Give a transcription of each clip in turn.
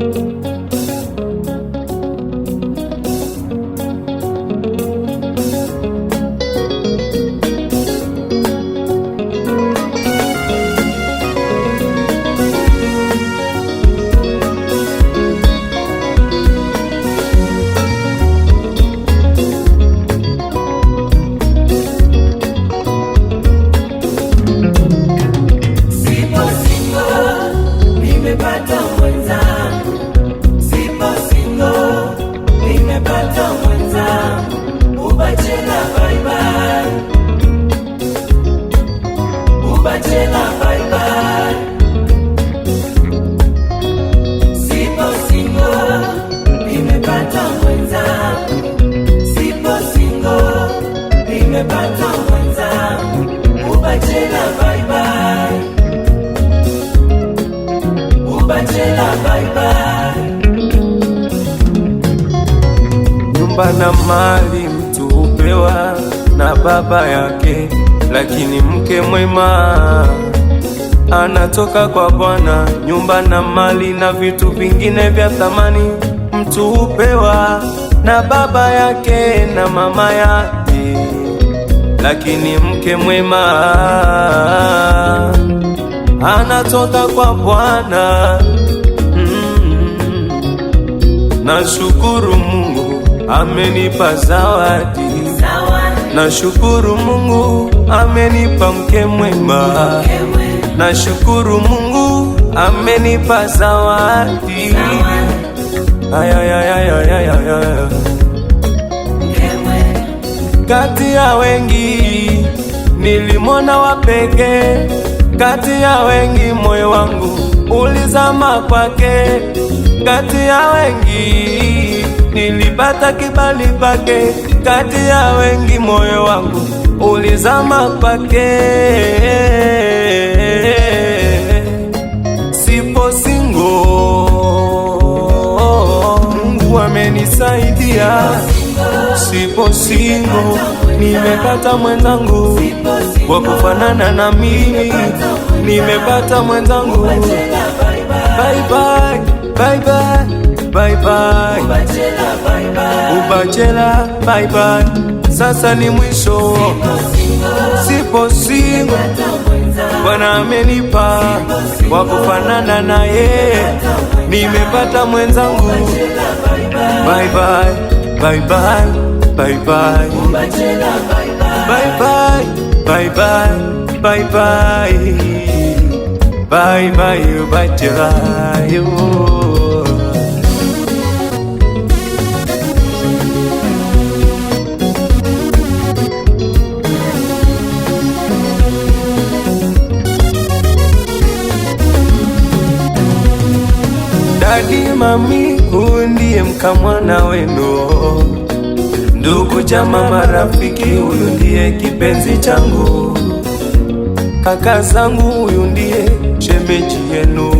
thank you Nyumba na mali mtu hupewa na baba yake, lakini mke mwema anatoka kwa Bwana. Nyumba na mali na vitu vingine vya thamani mtu hupewa na baba yake na mama yake, lakini mke mwema Mm. anatoka kwa Bwana mm. Nashukuru Mungu amenipa zawadi, nashukuru Mungu amenipa mke mwema, nashukuru Mungu amenipa zawadi kati ya wengi nilimona wapekee kati ya wengi, moyo wangu ulizama kwake, kati ya wengi nilipata kibali pake, kati ya wengi, moyo wangu ulizama kwake. Sipo singo, Mungu amenisaidia, sipo singo nimepata mwenzangu wa kufanana na mimi, nimepata mwenzangu bye ubachela bye bye, sasa ni mwisho, sipo singo, Bwana amenipa wa kufanana na yeye, nimepata mwenzangu bye bye, bye bye bye bye. Umbatela bye bye. Bye bye. Bye bye. Bye bye Umbatela. Dadi, mami, huyu ndiye mkamwana wenu ndugu, jamaa, marafiki, huyu ndiye kipenzi changu, kaka zangu, huyu ndiye shemeji yenu,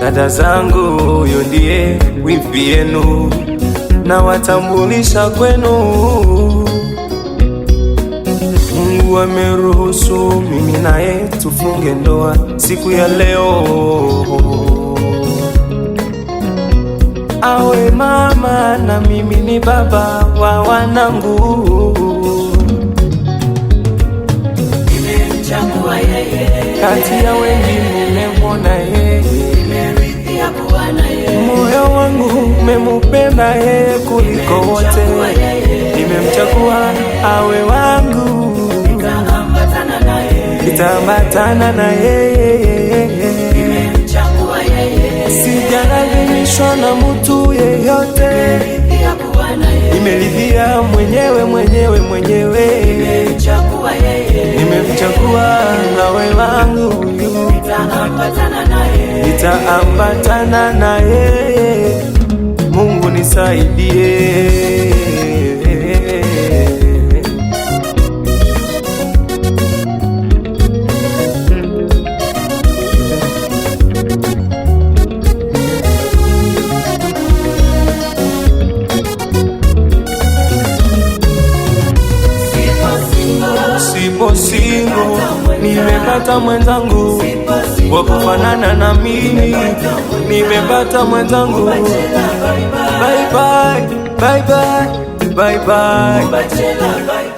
dada zangu, huyu ndiye wifi yenu, na watambulisha kwenu. Mungu ameruhusu mimi naye tufunge ndoa siku ya leo awe mama na mimi ni baba wa wanangu. Nimemchagua yeye kati ya wengi, nimemwona yeye, nimeridhia kuwa na yeye, moyo wangu umemupenda yeye kuliko wote. Nimemchagua awe wangu, nitaambatana na yeye kulinganishwa na mtu yeyote. Nimeridhia mwenyewe mwenyewe mwenyewe, nimemchagua na wangu nitaambatana na yeye. Mungu nisaidie. nimepata mwenzangu wa kufanana na mimi, nimepata mwenzangu bye bye, bye bye, bye bye.